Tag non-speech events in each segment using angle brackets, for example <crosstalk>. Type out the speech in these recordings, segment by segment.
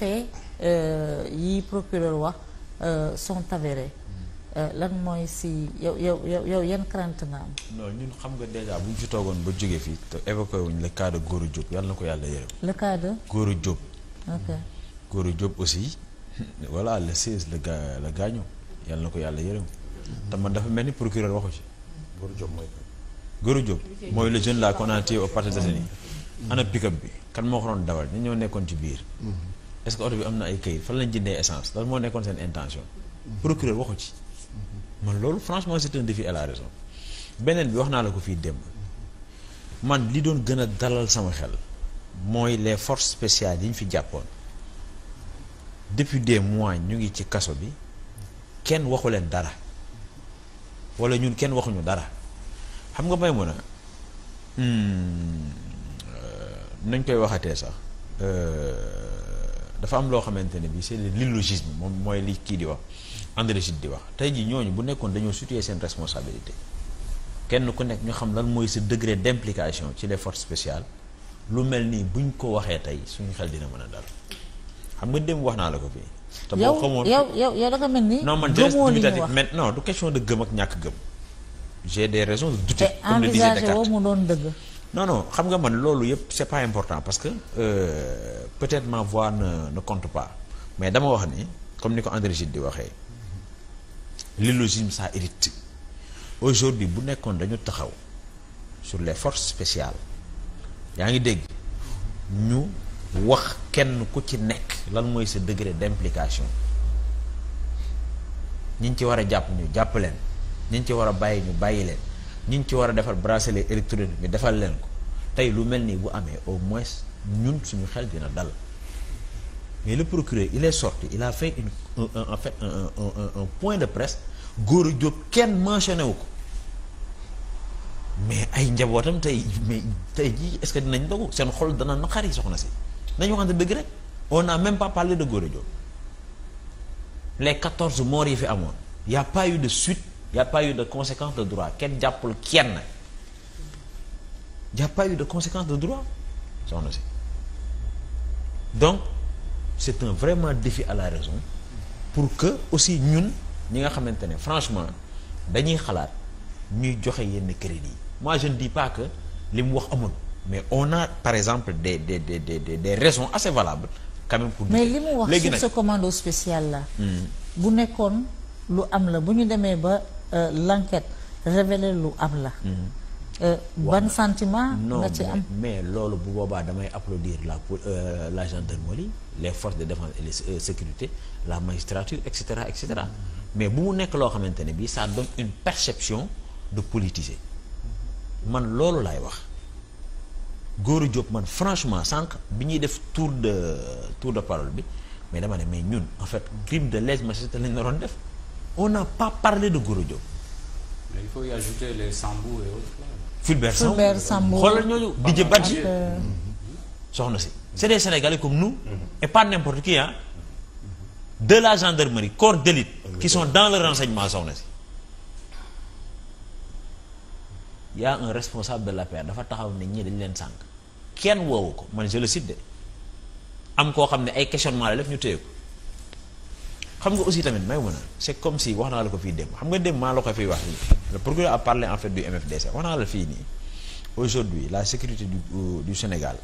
faits euh, yi procureur wax euh, sont avérés euh, lan mooy si yow yan crainte nga am. xam nga déjà bu ñu toogoon ba jógee fii te évoqué wuñ le cas de Gora Diop yàlla na ko yàlla yërëm. le cas de. Gora Diop. ok Gora Diop le 16 la gaa la gaañu yàlla na ko yàlla yërëm. dafa mel ni procureur waxu ci. Gora Diop mooy. Gora Diop mooy le jeune là qu'on a tiré au Parcelles Assainies. ana pick bi kan moo ko doon dawal ñi ñoo nekkoon ci biir. Mhm. est-ce que oto bi am na ay këyit fan lañ jëndee essence lan moo nekkoon seen intention. procureur waxu ci. man loolu franchement c'est un défi à la raison. beneen bi wax naa la ko fii démb. man li doon gën a dalal sama xel. mooy les force spéciales yi ñu fi jàppoon. depuis des mois ñu ngi ci kaso bi. kenn waxu leen dara. wala ñun kenn waxuñu dara. xam nga may mun a. Hmm, euh, nañ koy waxatee sax. Euh, dafa am loo xamante ne bi c'est le l'illogisme moom mooy li kii di wax André Gide di wax tey jii ñooñu bu nekkoon dañoo situer seen responsabilité kenn ku nekk ñu xam lan mooy sa degré d'implication ci les forces spéciales lu mel nii buñ ko waxee tey suñu xel dina mën a dal xam nga dem wax naa la ko bi te boo xamoon yow yow yow da nga mel ni. non man non du question de gëm ak ñàkk gëm. j'ai des raisons de douter. comme le disait Descartes te envisagé woo mu doon dëgg. non xam nga man loolu yëpp c'est pas important parce que euh, peut-être ma voix ne ne compte pas mais dama wax ni comme ni ko André di waxee l'illogisme ça irrite aujourd'hui bu nekkoon dañu taxaw sur les forces spéciales yaa ngi dégg ñu wax kenn ku ci nekk lan mooy sa degré d'implication ñi ñu ci war a jàpp ñu jàpp leen ñi ñu ci war a bàyyi ñu bàyyi leen ñi ñu ci war a defar bracelet électronique bi defal leen ko tey lu mel nii bu amee au moins ñun suñu xel dina dal mais le procureur il est sorti il a fait une en fait un point de góor Gora jóg kenn mentionné wu ko mais ay njabootam tey mais tey jii est que dinañ dogu seen xol dana naqari soxna si nañu waxante dëgg rek o n'a même pas parlé de Gora Diop les quatorze morts yi fi amoon y a pas de suite. y' a pas eu de conséquence de droit kenn jàppul kenn y' a pas eu de conséquence de droit soxna si donc c' est un vraiment défi à la raison pour que aussi ñun ñi nga xamante ne franchement dañuy xalaat ñuy joxe yenn crédit yi moi je ne dis que li mu wax amul mais on a par exemple de de des de des raisons assez valables quand même pour. mais li mu wax sur ce commando spécial là. Hmm. bu nekkoon lu am la bu ñu demee ba. Euh, l'enquête révélé lu am la. Mm-hmm. Euh, ban sentiment. nga ci am mais loolu bu boobaa damay applaudir la euh, la gendarmerie les forces de défense et de sécurité la magistrature et cetera et cetera mm-hmm. mais bu mu nekk loo xamante ne bii ça donne une perception de politiser man loolu laay wax Gora Diop man franchement sànq bi ñuy def tour de tour de parole bi mais dama ne mais ñun en fait crime de lèse-majesté lañ naroon def. on n'a pas parlé de Goro Diop. mais il faut y ajouter xoolal ñooñu Didier Badji mhm. soxna si c'est des Sénégalais comme nous. Mhm. et pas n'importe qui hein. Mhm. de la gendarmerie corps d'élite qui sont dans le renseignement soxna si. y un responsable de l'APR dafa taxaw ne ñi dañ leen sànq kenn woowu ko man je le cite de am koo xam ne ay questionnement la def ñu téye ko. xam nga aussi tamit may mën a c'est comme si wax naa la ko fi dem xam nga dem maa la ko fiy wax nii le procureur a parlé en fait du MFDC wax naa la fii nii aujourd'hui la sécurité du euh, du Sénégal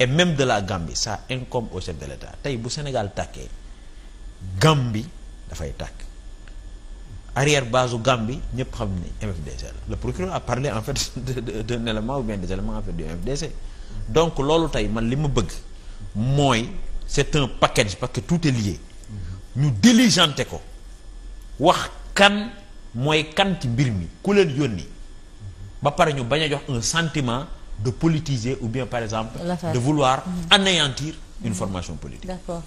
et même de la Gambie ça incombe au chef de l'État tey bu Sénégal tàkkee Gambie dafay tàkk arrière base u Gambie ñëpp xam ni MFDC la le procureur a parlé en fait <laughs> d'un élément ou bien des éléments en fait du MFDC donc loolu tey man li ma bëgg mooy c'est un package parce que tout est ñu diligenté ko wax kan mooy kan ci mbir mi ku leen yónni ba pare ñu bañ a jox un sentiment de politiser ou bien par exemple de vouloir mm-hmm. anéantir une formation politique d'accord